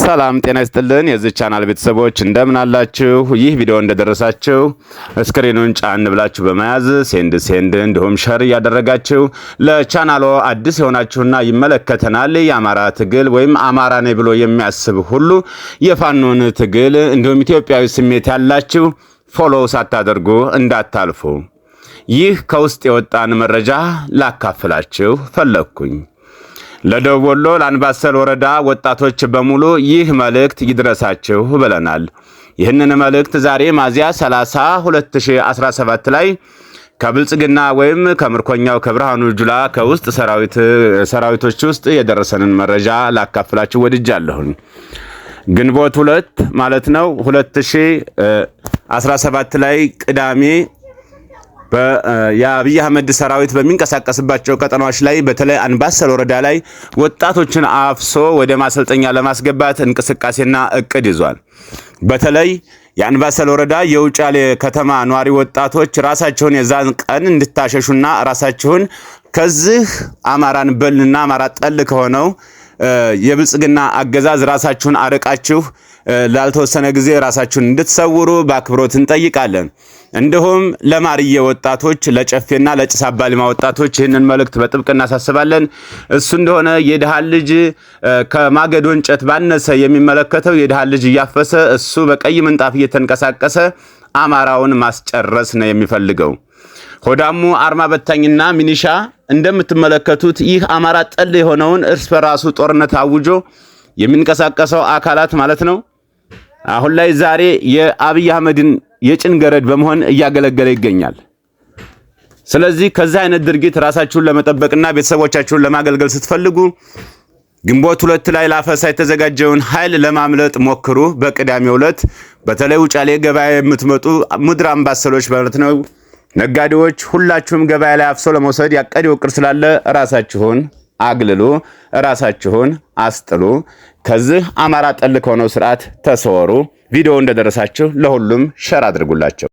ሰላም ጤና ይስጥልን። የዚህ ቻናል ቤተሰቦች እንደምን አላችሁ? ይህ ቪዲዮ እንደደረሳችሁ ስክሪኑን ጫን ብላችሁ በመያዝ ሴንድ ሴንድ እንዲሁም ሸር እያደረጋችሁ ለቻናሉ አዲስ የሆናችሁና ይመለከተናል የአማራ ትግል ወይም አማራ ነኝ ብሎ የሚያስብ ሁሉ የፋኖን ትግል እንዲሁም ኢትዮጵያዊ ስሜት ያላችሁ ፎሎ ሳታደርጉ እንዳታልፉ። ይህ ከውስጥ የወጣን መረጃ ላካፍላችሁ ፈለግኩኝ። ለደቡብ ወሎ ለአንባሰል ወረዳ ወጣቶች በሙሉ ይህ መልእክት ይድረሳችሁ ብለናል። ይህንን መልእክት ዛሬ ማዚያ 30 2017 ላይ ከብልጽግና ወይም ከምርኮኛው ከብርሃኑ ጁላ ከውስጥ ሰራዊቶች ውስጥ የደረሰንን መረጃ ላካፍላችሁ ወድጃለሁኝ። ግንቦት ሁለት ማለት ነው 2017 ላይ ቅዳሜ የአብይ አህመድ ሰራዊት በሚንቀሳቀስባቸው ቀጠናዎች ላይ በተለይ አንባሰል ወረዳ ላይ ወጣቶችን አፍሶ ወደ ማሰልጠኛ ለማስገባት እንቅስቃሴና እቅድ ይዟል። በተለይ የአንባሰል ወረዳ የውጫሌ ከተማ ኗሪ ወጣቶች ራሳቸውን የዛን ቀን እንድታሸሹና ራሳችሁን ከዚህ አማራን በልና አማራ ጠል ከሆነው የብልጽግና አገዛዝ ራሳችሁን አርቃችሁ ላልተወሰነ ጊዜ ራሳችሁን እንድትሰውሩ በአክብሮት እንጠይቃለን። እንዲሁም ለማርዬ ወጣቶች ለጨፌና ለጭስ አባሊማ ወጣቶች ይህንን መልእክት በጥብቅ እናሳስባለን። እሱ እንደሆነ የድሃን ልጅ ከማገዶ እንጨት ባነሰ የሚመለከተው የድሃን ልጅ እያፈሰ እሱ በቀይ ምንጣፍ እየተንቀሳቀሰ አማራውን ማስጨረስ ነው የሚፈልገው። ሆዳሙ አርማ በታኝና ሚኒሻ እንደምትመለከቱት ይህ አማራ ጠል የሆነውን እርስ በራሱ ጦርነት አውጆ የሚንቀሳቀሰው አካላት ማለት ነው። አሁን ላይ ዛሬ የአብይ አህመድን የጭን ገረድ በመሆን እያገለገለ ይገኛል። ስለዚህ ከዚህ አይነት ድርጊት ራሳችሁን ለመጠበቅና ቤተሰቦቻችሁን ለማገልገል ስትፈልጉ ግንቦት ሁለት ላይ ለአፈሳ የተዘጋጀውን ኃይል ለማምለጥ ሞክሩ። በቅዳሜ ሁለት በተለይ ውጫሌ ገበያ የምትመጡ ምድር አምባሰሎች ማለት ነው ነጋዴዎች ሁላችሁም ገበያ ላይ አፍሶ ለመውሰድ ያቀድ ይወቅር ስላለ ራሳችሁን አግልሉ፣ ራሳችሁን አስጥሉ፣ ከዚህ አማራ ጠል ከሆነው ስርዓት ተሰወሩ። ቪዲዮ እንደደረሳችሁ ለሁሉም ሸር አድርጉላቸው።